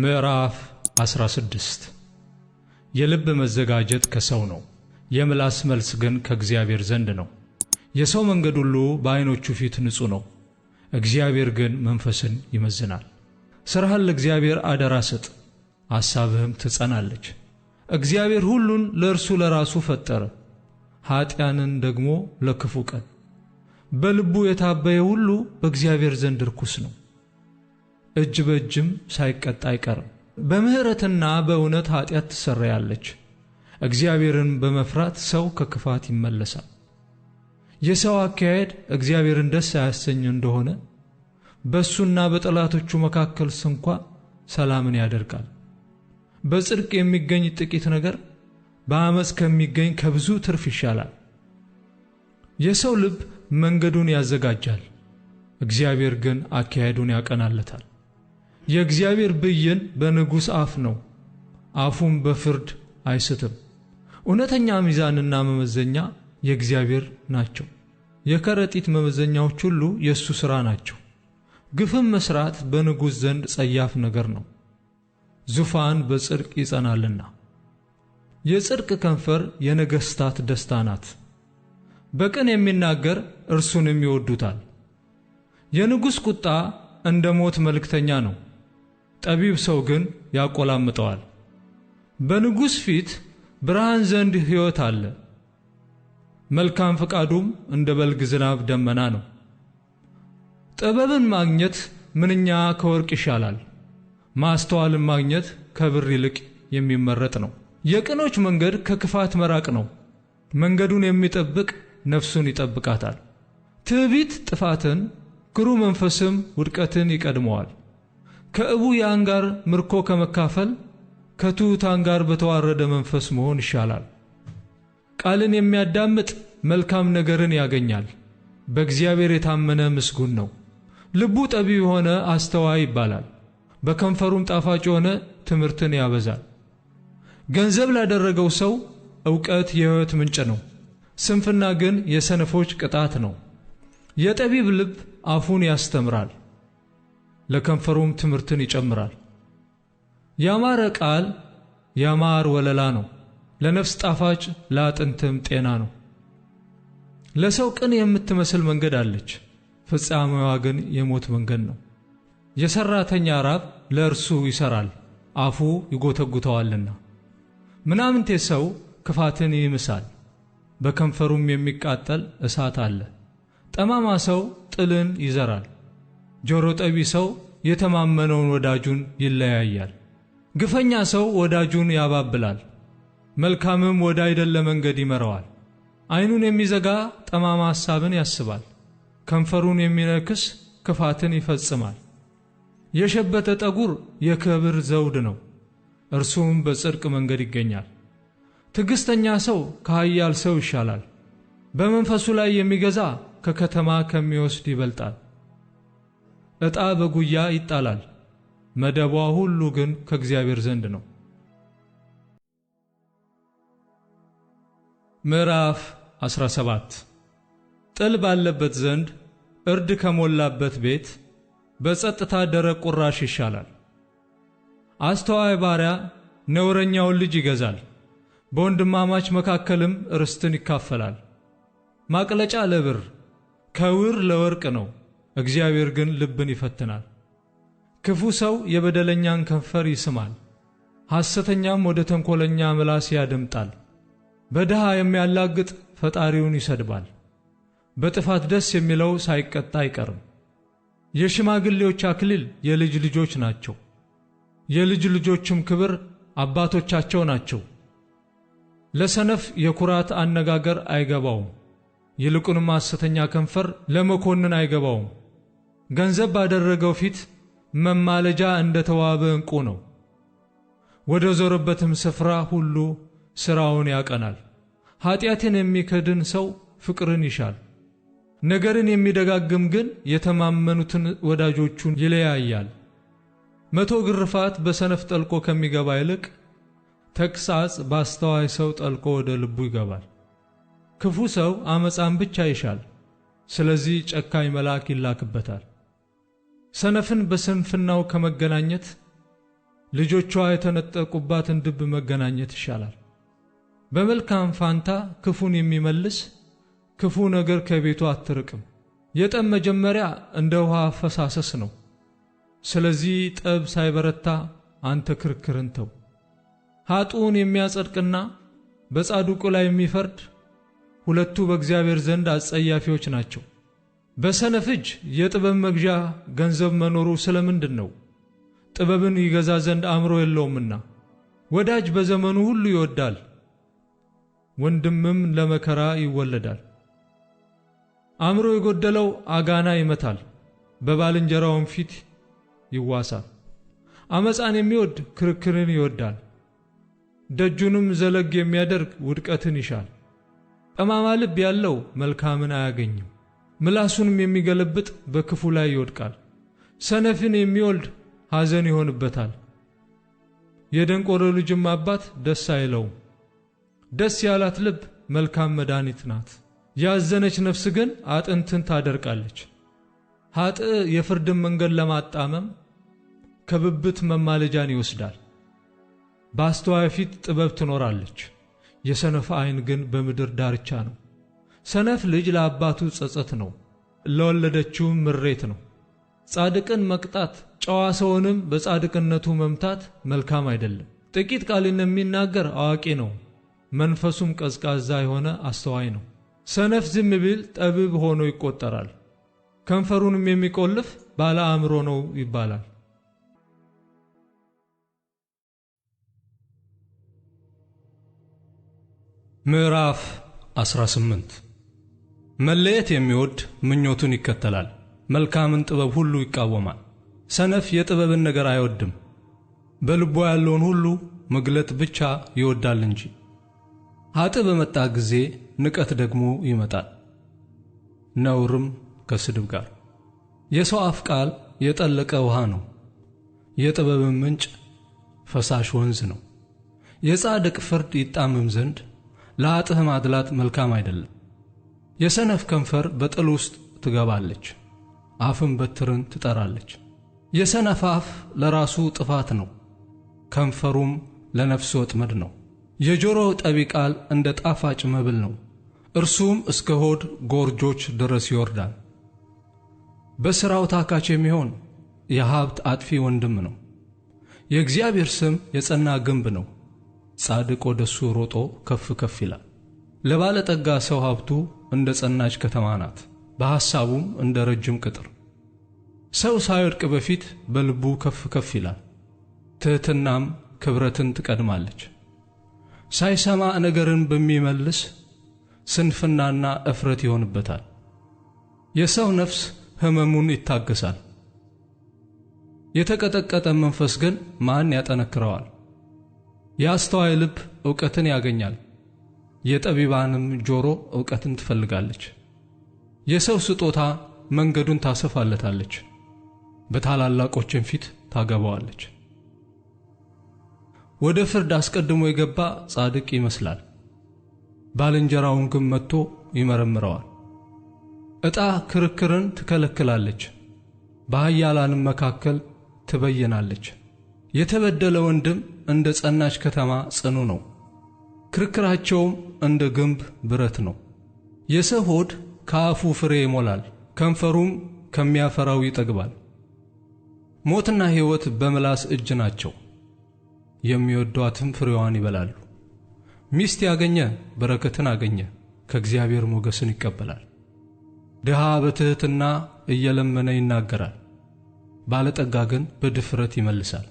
ምዕራፍ 16 የልብ መዘጋጀት ከሰው ነው፣ የምላስ መልስ ግን ከእግዚአብሔር ዘንድ ነው። የሰው መንገድ ሁሉ በዓይኖቹ ፊት ንጹሕ ነው፣ እግዚአብሔር ግን መንፈስን ይመዝናል። ሥራህን ለእግዚአብሔር አደራ ስጥ፣ አሳብህም ትጸናለች። እግዚአብሔር ሁሉን ለእርሱ ለራሱ ፈጠረ፣ ኀጢያንን ደግሞ ለክፉ ቀን። በልቡ የታበየ ሁሉ በእግዚአብሔር ዘንድ ርኩስ ነው። እጅ በእጅም ሳይቀጣ አይቀርም። በምሕረትና በእውነት ኃጢአት ትሰረያለች። እግዚአብሔርን በመፍራት ሰው ከክፋት ይመለሳል። የሰው አካሄድ እግዚአብሔርን ደስ አያሰኝ እንደሆነ በእሱና በጠላቶቹ መካከል ስንኳ ሰላምን ያደርጋል። በጽድቅ የሚገኝ ጥቂት ነገር በአመፅ ከሚገኝ ከብዙ ትርፍ ይሻላል። የሰው ልብ መንገዱን ያዘጋጃል፣ እግዚአብሔር ግን አካሄዱን ያቀናለታል። የእግዚአብሔር ብይን በንጉሥ አፍ ነው፣ አፉም በፍርድ አይስትም። እውነተኛ ሚዛንና መመዘኛ የእግዚአብሔር ናቸው። የከረጢት መመዘኛዎች ሁሉ የእሱ ሥራ ናቸው። ግፍም መሥራት በንጉሥ ዘንድ ጸያፍ ነገር ነው፣ ዙፋን በጽድቅ ይጸናልና። የጽድቅ ከንፈር የነገሥታት ደስታ ናት። በቅን የሚናገር እርሱንም ይወዱታል። የንጉሥ ቁጣ እንደ ሞት መልእክተኛ ነው። ጠቢብ ሰው ግን ያቆላምጠዋል። በንጉሥ ፊት ብርሃን ዘንድ ሕይወት አለ፣ መልካም ፈቃዱም እንደ በልግ ዝናብ ደመና ነው። ጥበብን ማግኘት ምንኛ ከወርቅ ይሻላል! ማስተዋልን ማግኘት ከብር ይልቅ የሚመረጥ ነው። የቅኖች መንገድ ከክፋት መራቅ ነው። መንገዱን የሚጠብቅ ነፍሱን ይጠብቃታል። ትዕቢት ጥፋትን፣ ክሩ መንፈስም ውድቀትን ይቀድመዋል። ከዕቡያን ጋር ምርኮ ከመካፈል ከትሑታን ጋር በተዋረደ መንፈስ መሆን ይሻላል። ቃልን የሚያዳምጥ መልካም ነገርን ያገኛል። በእግዚአብሔር የታመነ ምስጉን ነው። ልቡ ጠቢብ የሆነ አስተዋይ ይባላል። በከንፈሩም ጣፋጭ የሆነ ትምህርትን ያበዛል። ገንዘብ ላደረገው ሰው እውቀት የሕይወት ምንጭ ነው። ስንፍና ግን የሰነፎች ቅጣት ነው። የጠቢብ ልብ አፉን ያስተምራል። ለከንፈሩም ትምህርትን ይጨምራል። ያማረ ቃል ያማር ወለላ ነው፣ ለነፍስ ጣፋጭ ለአጥንትም ጤና ነው። ለሰው ቅን የምትመስል መንገድ አለች፣ ፍጻሜዋ ግን የሞት መንገድ ነው። የሰራተኛ ራብ ለእርሱ ይሰራል፣ አፉ ይጎተጉተዋልና። ምናምንቴ ሰው ክፋትን ይምሳል፣ በከንፈሩም የሚቃጠል እሳት አለ። ጠማማ ሰው ጥልን ይዘራል። ጆሮ ጠቢ ሰው የተማመነውን ወዳጁን ይለያያል። ግፈኛ ሰው ወዳጁን ያባብላል፣ መልካምም ወደ አይደለ መንገድ ይመራዋል። አይኑን የሚዘጋ ጠማማ ሐሳብን ያስባል፣ ከንፈሩን የሚነክስ ክፋትን ይፈጽማል። የሸበተ ጠጉር የክብር ዘውድ ነው፣ እርሱም በጽድቅ መንገድ ይገኛል። ትዕግሥተኛ ሰው ከኃያል ሰው ይሻላል፣ በመንፈሱ ላይ የሚገዛ ከከተማ ከሚወስድ ይበልጣል። ዕጣ በጉያ ይጣላል፣ መደቧ ሁሉ ግን ከእግዚአብሔር ዘንድ ነው። ምዕራፍ 17 ጥል ባለበት ዘንድ እርድ ከሞላበት ቤት በጸጥታ ደረቅ ቁራሽ ይሻላል። አስተዋይ ባሪያ ነውረኛውን ልጅ ይገዛል፣ በወንድማማች መካከልም ርስትን ይካፈላል። ማቅለጫ ለብር ከውር ለወርቅ ነው። እግዚአብሔር ግን ልብን ይፈትናል። ክፉ ሰው የበደለኛን ከንፈር ይስማል፣ ሐሰተኛም ወደ ተንኰለኛ ምላስ ያደምጣል። በድሃ የሚያላግጥ ፈጣሪውን ይሰድባል፣ በጥፋት ደስ የሚለው ሳይቀጣ አይቀርም። የሽማግሌዎች አክሊል የልጅ ልጆች ናቸው፣ የልጅ ልጆችም ክብር አባቶቻቸው ናቸው። ለሰነፍ የኩራት አነጋገር አይገባውም፣ ይልቁንም ሐሰተኛ ከንፈር ለመኮንን አይገባውም። ገንዘብ ባደረገው ፊት መማለጃ እንደ ተዋበ ዕንቁ ነው። ወደ ዞረበትም ስፍራ ሁሉ ሥራውን ያቀናል። ኀጢአትን የሚከድን ሰው ፍቅርን ይሻል። ነገርን የሚደጋግም ግን የተማመኑትን ወዳጆቹን ይለያያል። መቶ ግርፋት በሰነፍ ጠልቆ ከሚገባ ይልቅ ተግሣጽ በአስተዋይ ሰው ጠልቆ ወደ ልቡ ይገባል። ክፉ ሰው ዓመፃን ብቻ ይሻል። ስለዚህ ጨካኝ መልአክ ይላክበታል። ሰነፍን በስንፍናው ከመገናኘት ልጆቿ የተነጠቁባትን ድብ መገናኘት ይሻላል። በመልካም ፋንታ ክፉን የሚመልስ ክፉ ነገር ከቤቱ አትርቅም። የጠብ መጀመሪያ እንደ ውሃ ፈሳሰስ ነው። ስለዚህ ጠብ ሳይበረታ አንተ ክርክርን ተው። ኃጥኡን የሚያጸድቅና በጻድቁ ላይ የሚፈርድ ሁለቱ በእግዚአብሔር ዘንድ አጸያፊዎች ናቸው። በሰነፍ እጅ የጥበብ መግዣ ገንዘብ መኖሩ ስለምንድን ነው? ጥበብን ይገዛ ዘንድ አእምሮ የለውምና። ወዳጅ በዘመኑ ሁሉ ይወዳል፣ ወንድምም ለመከራ ይወለዳል። አእምሮ የጎደለው አጋና ይመታል፣ በባልንጀራውም ፊት ይዋሳል። አመፃን የሚወድ ክርክርን ይወዳል፣ ደጁንም ዘለግ የሚያደርግ ውድቀትን ይሻል። ጠማማ ልብ ያለው መልካምን አያገኝም። ምላሱንም የሚገለብጥ በክፉ ላይ ይወድቃል። ሰነፍን የሚወልድ ሐዘን ይሆንበታል። የደንቆሮ ልጅም አባት ደስ አይለውም። ደስ ያላት ልብ መልካም መድኃኒት ናት፣ ያዘነች ነፍስ ግን አጥንትን ታደርቃለች። ኃጥ የፍርድን መንገድ ለማጣመም ከብብት መማለጃን ይወስዳል። በአስተዋይ ፊት ጥበብ ትኖራለች፣ የሰነፍ አይን ግን በምድር ዳርቻ ነው። ሰነፍ ልጅ ለአባቱ ጸጸት ነው፣ ለወለደችውም ምሬት ነው። ጻድቅን መቅጣት፣ ጨዋ ሰውንም በጻድቅነቱ መምታት መልካም አይደለም። ጥቂት ቃልን የሚናገር አዋቂ ነው፣ መንፈሱም ቀዝቃዛ የሆነ አስተዋይ ነው። ሰነፍ ዝም ቢል ጠቢብ ሆኖ ይቆጠራል፣ ከንፈሩንም የሚቆልፍ ባለ አእምሮ ነው ይባላል። ምዕራፍ 18 መለየት የሚወድ ምኞቱን ይከተላል፣ መልካምን ጥበብ ሁሉ ይቃወማል። ሰነፍ የጥበብን ነገር አይወድም፣ በልቦ ያለውን ሁሉ መግለጥ ብቻ ይወዳል እንጂ። ሀጥ በመጣ ጊዜ ንቀት ደግሞ ይመጣል፣ ነውርም ከስድብ ጋር። የሰው አፍ ቃል የጠለቀ ውሃ ነው፣ የጥበብን ምንጭ ፈሳሽ ወንዝ ነው። የጻድቅ ፍርድ ይጣምም ዘንድ ለአጥህ ማድላት መልካም አይደለም። የሰነፍ ከንፈር በጥል ውስጥ ትገባለች፣ አፍም በትርን ትጠራለች። የሰነፍ አፍ ለራሱ ጥፋት ነው፣ ከንፈሩም ለነፍስ ወጥመድ ነው። የጆሮ ጠቢ ቃል እንደ ጣፋጭ መብል ነው፣ እርሱም እስከ ሆድ ጎርጆች ድረስ ይወርዳል። በሥራው ታካች የሚሆን የሀብት አጥፊ ወንድም ነው። የእግዚአብሔር ስም የጸና ግንብ ነው፣ ጻድቅ ወደ እሱ ሮጦ ከፍ ከፍ ይላል። ለባለጠጋ ሰው ሀብቱ እንደ ጸናች ከተማ ናት፣ በሐሳቡም እንደ ረጅም ቅጥር። ሰው ሳይወድቅ በፊት በልቡ ከፍ ከፍ ይላል፣ ትሕትናም ክብረትን ትቀድማለች። ሳይሰማ ነገርን በሚመልስ ስንፍናና እፍረት ይሆንበታል። የሰው ነፍስ ሕመሙን ይታገሳል፣ የተቀጠቀጠ መንፈስ ግን ማን ያጠነክረዋል? የአስተዋይ ልብ ዕውቀትን ያገኛል። የጠቢባንም ጆሮ ዕውቀትን ትፈልጋለች። የሰው ስጦታ መንገዱን ታሰፋለታለች፣ በታላላቆችን ፊት ታገባዋለች። ወደ ፍርድ አስቀድሞ የገባ ጻድቅ ይመስላል፣ ባልንጀራውን ግን መጥቶ ይመረምረዋል። ዕጣ ክርክርን ትከለክላለች፣ በኃያላንም መካከል ትበየናለች። የተበደለ ወንድም እንደ ጸናች ከተማ ጽኑ ነው። ክርክራቸውም እንደ ግንብ ብረት ነው። የሰው ሆድ ከአፉ ፍሬ ይሞላል፣ ከንፈሩም ከሚያፈራው ይጠግባል። ሞትና ሕይወት በምላስ እጅ ናቸው፣ የሚወዷትም ፍሬዋን ይበላሉ። ሚስት ያገኘ በረከትን አገኘ፣ ከእግዚአብሔር ሞገስን ይቀበላል። ድሃ በትሕትና እየለመነ ይናገራል፣ ባለጠጋ ግን በድፍረት ይመልሳል።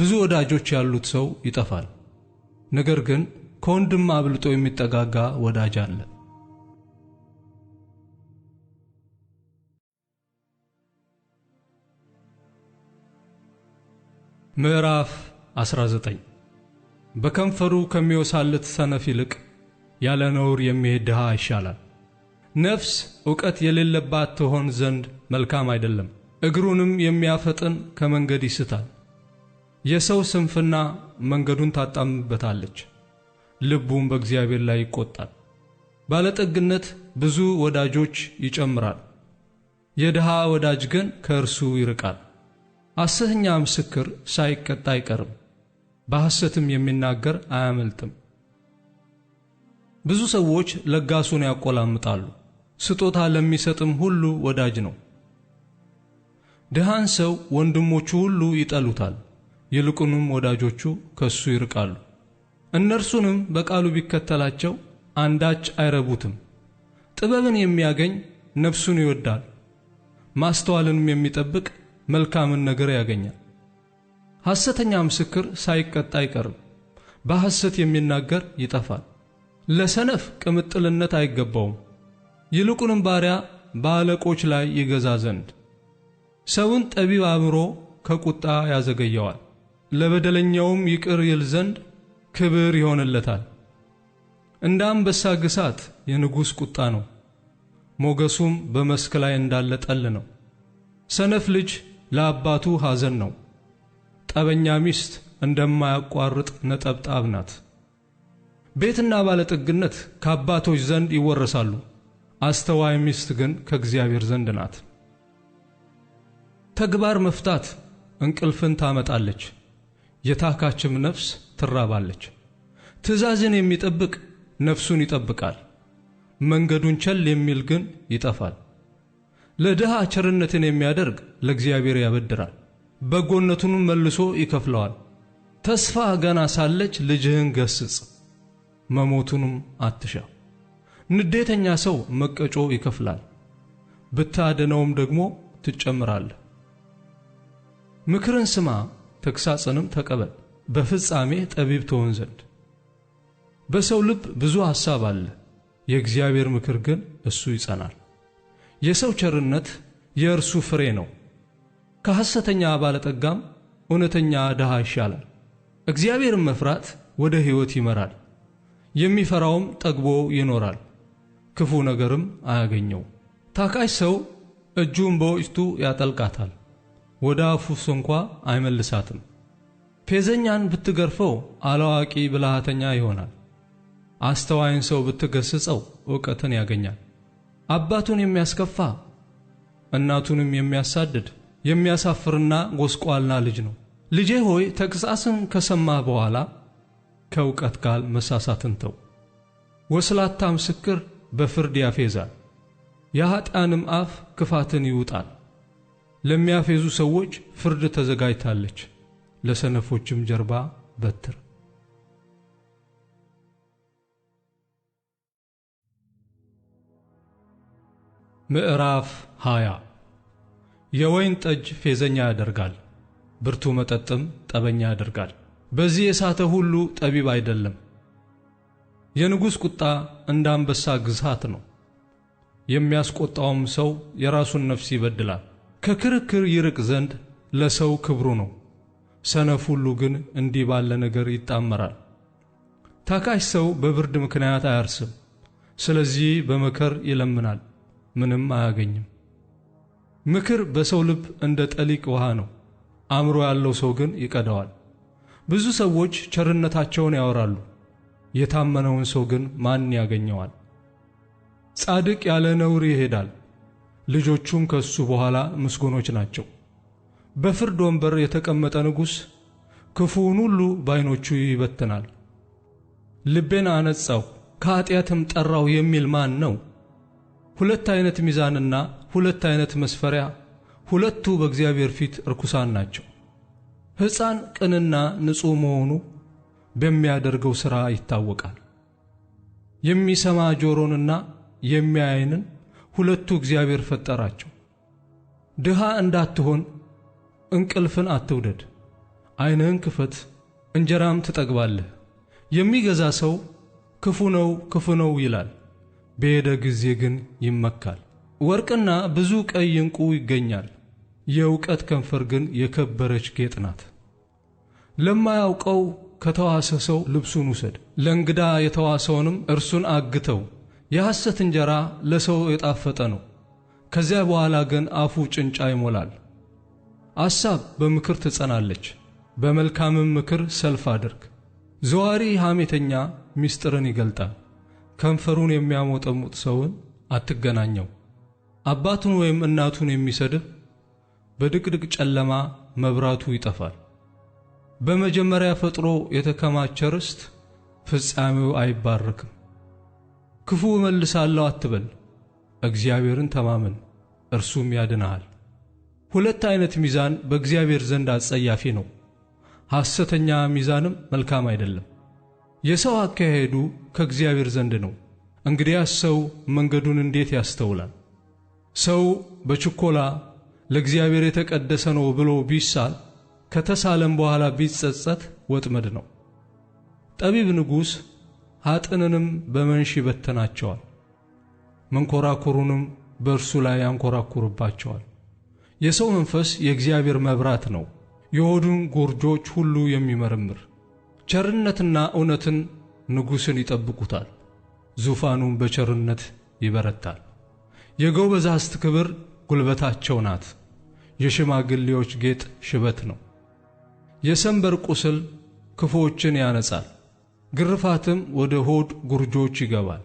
ብዙ ወዳጆች ያሉት ሰው ይጠፋል፣ ነገር ግን ከወንድም አብልጦ የሚጠጋጋ ወዳጅ አለ። ምዕራፍ 19 በከንፈሩ ከሚወሳልት ሰነፍ ይልቅ ያለ ነውር የሚሄድ ድሃ ይሻላል። ነፍስ ዕውቀት የሌለባት ትሆን ዘንድ መልካም አይደለም፣ እግሩንም የሚያፈጥን ከመንገድ ይስታል። የሰው ስንፍና መንገዱን ታጣምበታለች፣ ልቡም በእግዚአብሔር ላይ ይቆጣል። ባለጠግነት ብዙ ወዳጆች ይጨምራል፣ የድሃ ወዳጅ ግን ከእርሱ ይርቃል። ሐሰተኛ ምስክር ሳይቀጣ አይቀርም፣ በሐሰትም የሚናገር አያመልጥም። ብዙ ሰዎች ለጋሱን ያቆላምጣሉ፣ ስጦታ ለሚሰጥም ሁሉ ወዳጅ ነው። ድሃን ሰው ወንድሞቹ ሁሉ ይጠሉታል፣ ይልቁንም ወዳጆቹ ከሱ ይርቃሉ። እነርሱንም በቃሉ ቢከተላቸው አንዳች አይረቡትም። ጥበብን የሚያገኝ ነፍሱን ይወዳል፣ ማስተዋልንም የሚጠብቅ መልካምን ነገር ያገኛል። ሐሰተኛ ምስክር ሳይቀጣ አይቀርም፣ በሐሰት የሚናገር ይጠፋል። ለሰነፍ ቅምጥልነት አይገባውም፣ ይልቁንም ባሪያ በአለቆች ላይ ይገዛ ዘንድ። ሰውን ጠቢብ አእምሮ ከቁጣ ያዘገየዋል፣ ለበደለኛውም ይቅር ይል ዘንድ ክብር ይሆንለታል። እንደ አንበሳ ግሳት የንጉሥ ቁጣ ነው፣ ሞገሱም በመስክ ላይ እንዳለ ጠል ነው። ሰነፍ ልጅ ለአባቱ ሐዘን ነው፣ ጠበኛ ሚስት እንደማያቋርጥ ነጠብጣብ ናት። ቤትና ባለጠግነት ከአባቶች ዘንድ ይወረሳሉ፣ አስተዋይ ሚስት ግን ከእግዚአብሔር ዘንድ ናት። ተግባር መፍታት እንቅልፍን ታመጣለች፣ የታካችም ነፍስ ትራባለች። ትእዛዝን የሚጠብቅ ነፍሱን ይጠብቃል፣ መንገዱን ቸል የሚል ግን ይጠፋል። ለድሃ ቸርነትን የሚያደርግ ለእግዚአብሔር ያበድራል፣ በጎነቱንም መልሶ ይከፍለዋል። ተስፋ ገና ሳለች ልጅህን ገስጽ፣ መሞቱንም አትሻ። ንዴተኛ ሰው መቀጮ ይከፍላል፣ ብታድነውም ደግሞ ትጨምራለህ። ምክርን ስማ፣ ተግሣጽንም ተቀበል። በፍጻሜ ጠቢብ ትሆን ዘንድ። በሰው ልብ ብዙ ሐሳብ አለ፣ የእግዚአብሔር ምክር ግን እሱ ይጸናል። የሰው ቸርነት የእርሱ ፍሬ ነው። ከሐሰተኛ ባለጠጋም እውነተኛ ድሃ ይሻላል። እግዚአብሔርን መፍራት ወደ ሕይወት ይመራል፣ የሚፈራውም ጠግቦ ይኖራል፣ ክፉ ነገርም አያገኘው። ታካች ሰው እጁን በወጭቱ ያጠልቃታል፣ ወደ አፉ እንኳ አይመልሳትም። ፌዘኛን ብትገርፈው አላዋቂ ብልሃተኛ ይሆናል። አስተዋይን ሰው ብትገስጸው ዕውቀትን ያገኛል። አባቱን የሚያስከፋ እናቱንም የሚያሳድድ የሚያሳፍርና ጎስቋልና ልጅ ነው። ልጄ ሆይ ተግሣጽን ከሰማህ በኋላ ከእውቀት ጋር መሳሳትን ተው። ወስላታ ምስክር በፍርድ ያፌዛል፣ የኀጢአንም አፍ ክፋትን ይውጣል። ለሚያፌዙ ሰዎች ፍርድ ተዘጋጅታለች። ለሰነፎችም ጀርባ በትር ምዕራፍ 20 የወይን ጠጅ ፌዘኛ ያደርጋል፣ ብርቱ መጠጥም ጠበኛ ያደርጋል። በዚህ የሳተ ሁሉ ጠቢብ አይደለም። የንጉሥ ቁጣ እንደ አንበሳ ግዝሃት ነው፣ የሚያስቆጣውም ሰው የራሱን ነፍስ ይበድላል። ከክርክር ይርቅ ዘንድ ለሰው ክብሩ ነው፣ ሰነፍ ሁሉ ግን እንዲህ ባለ ነገር ይጣመራል። ታካሽ ሰው በብርድ ምክንያት አያርስም፣ ስለዚህ በመከር ይለምናል፣ ምንም አያገኝም። ምክር በሰው ልብ እንደ ጠሊቅ ውሃ ነው፣ አእምሮ ያለው ሰው ግን ይቀደዋል። ብዙ ሰዎች ቸርነታቸውን ያወራሉ፣ የታመነውን ሰው ግን ማን ያገኘዋል? ጻድቅ ያለ ነውር ይሄዳል፣ ልጆቹም ከሱ በኋላ ምስጉኖች ናቸው። በፍርድ ወንበር የተቀመጠ ንጉሥ ክፉውን ሁሉ በአይኖቹ ይበትናል። ልቤን አነጻው ከኀጢአትም ጠራው የሚል ማን ነው? ሁለት ዓይነት ሚዛንና ሁለት ዓይነት መስፈሪያ፣ ሁለቱ በእግዚአብሔር ፊት ርኩሳን ናቸው። ሕፃን ቅንና ንጹሕ መሆኑ በሚያደርገው ሥራ ይታወቃል። የሚሰማ ጆሮንና የሚያይንን ሁለቱ እግዚአብሔር ፈጠራቸው። ድሃ እንዳትሆን እንቅልፍን አትውደድ። ዐይንህን ክፈት፣ እንጀራም ትጠግባለህ። የሚገዛ ሰው ክፉ ነው ክፉ ነው ይላል፣ በሄደ ጊዜ ግን ይመካል። ወርቅና ብዙ ቀይ ዕንቁ ይገኛል፣ የእውቀት ከንፈር ግን የከበረች ጌጥ ናት። ለማያውቀው ከተዋሰ ሰው ልብሱን ውሰድ፣ ለእንግዳ የተዋሰውንም እርሱን አግተው። የሐሰት እንጀራ ለሰው የጣፈጠ ነው፣ ከዚያ በኋላ ግን አፉ ጭንጫ ይሞላል። አሳብ በምክር ትጸናለች፣ በመልካምም ምክር ሰልፍ አድርግ። ዘዋሪ ሐሜተኛ ምስጢርን ይገልጣል፣ ከንፈሩን የሚያሞጠሙጥ ሰውን አትገናኘው። አባቱን ወይም እናቱን የሚሰድብ በድቅድቅ ጨለማ መብራቱ ይጠፋል። በመጀመሪያ ፈጥሮ የተከማቸ ርስት ፍጻሜው አይባረክም። ክፉ እመልሳለሁ አትበል፣ እግዚአብሔርን ተማመን፣ እርሱም ያድንሃል። ሁለት አይነት ሚዛን በእግዚአብሔር ዘንድ አጸያፊ ነው፣ ሐሰተኛ ሚዛንም መልካም አይደለም። የሰው አካሄዱ ከእግዚአብሔር ዘንድ ነው። እንግዲያስ ሰው መንገዱን እንዴት ያስተውላል? ሰው በችኮላ ለእግዚአብሔር የተቀደሰ ነው ብሎ ቢሳል ከተሳለም በኋላ ቢጸጸት ወጥመድ ነው። ጠቢብ ንጉሥ ኀጥንንም በመንሽ ይበተናቸዋል፣ መንኰራኩሩንም በእርሱ ላይ ያንኰራኵርባቸዋል። የሰው መንፈስ የእግዚአብሔር መብራት ነው፣ የሆዱን ጎርጆች ሁሉ የሚመረምር። ቸርነትና እውነትን ንጉሥን ይጠብቁታል፣ ዙፋኑን በቸርነት ይበረታል። የጎበዛዝት ክብር ጉልበታቸው ናት፣ የሽማግሌዎች ጌጥ ሽበት ነው። የሰንበር ቁስል ክፉዎችን ያነጻል፣ ግርፋትም ወደ ሆድ ጉርጆች ይገባል።